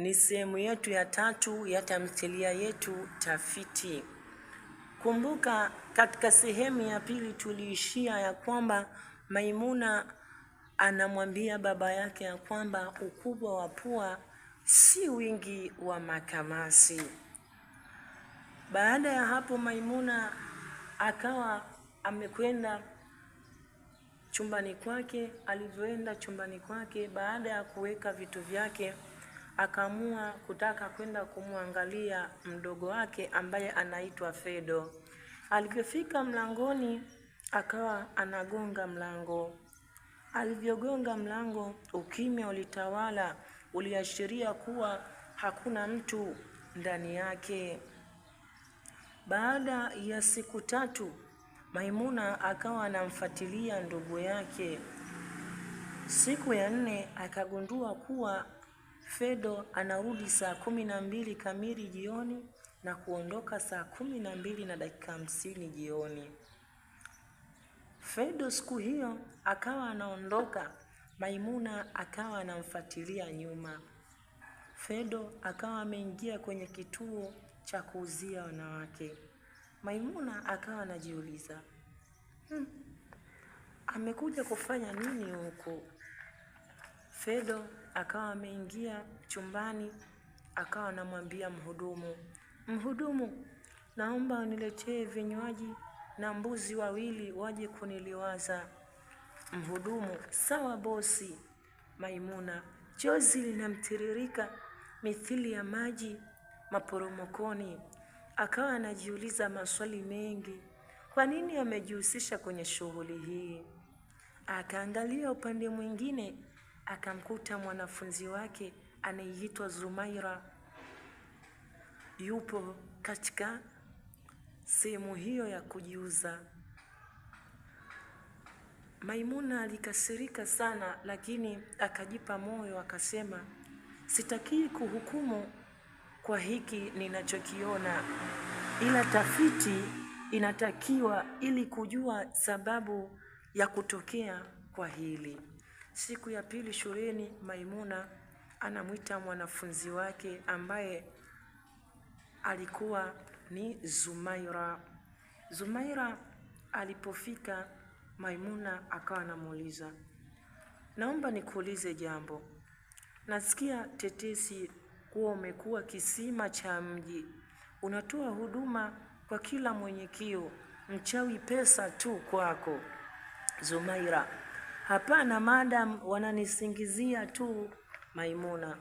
ni sehemu yetu ya tatu ya tamthilia yetu Tafiti. Kumbuka katika sehemu ya pili tuliishia ya kwamba Maimuna anamwambia baba yake ya kwamba ukubwa wa pua si wingi wa makamasi. Baada ya hapo, Maimuna akawa amekwenda chumbani kwake. Alivyoenda chumbani kwake, baada ya kuweka vitu vyake akaamua kutaka kwenda kumwangalia mdogo wake ambaye anaitwa Fedo. Alivyofika mlangoni, akawa anagonga mlango. Alivyogonga mlango, ukimya ulitawala, uliashiria kuwa hakuna mtu ndani yake. Baada ya siku tatu, Maimuna akawa anamfuatilia ndugu yake. Siku ya nne akagundua kuwa Fedo anarudi saa kumi na mbili kamili jioni na kuondoka saa kumi na mbili na dakika hamsini jioni. Fedo siku hiyo akawa anaondoka, Maimuna akawa anamfuatilia nyuma. Fedo akawa ameingia kwenye kituo cha kuuzia wanawake. Maimuna akawa anajiuliza, hmm, amekuja kufanya nini huku? Fedo akawa ameingia chumbani, akawa anamwambia mhudumu, mhudumu, naomba uniletee vinywaji na mbuzi wawili waje kuniliwaza. Mhudumu, sawa bosi. Maimuna, chozi linamtiririka mithili ya maji maporomokoni, akawa anajiuliza maswali mengi, kwa nini amejihusisha kwenye shughuli hii? Akaangalia upande mwingine akamkuta mwanafunzi wake anayeitwa Zumaira yupo katika sehemu hiyo ya kujiuza. Maimuna alikasirika sana, lakini akajipa moyo akasema, sitakii kuhukumu kwa hiki ninachokiona, ila tafiti inatakiwa ili kujua sababu ya kutokea kwa hili. Siku ya pili shuleni, Maimuna anamwita mwanafunzi wake ambaye alikuwa ni Zumaira. Zumaira alipofika, Maimuna akawa anamuuliza, naomba nikuulize jambo. Nasikia tetesi kuwa umekuwa kisima cha mji, unatoa huduma kwa kila mwenye kio, mchawi pesa tu kwako. Zumaira Hapana, madam wananisingizia tu Maimuna.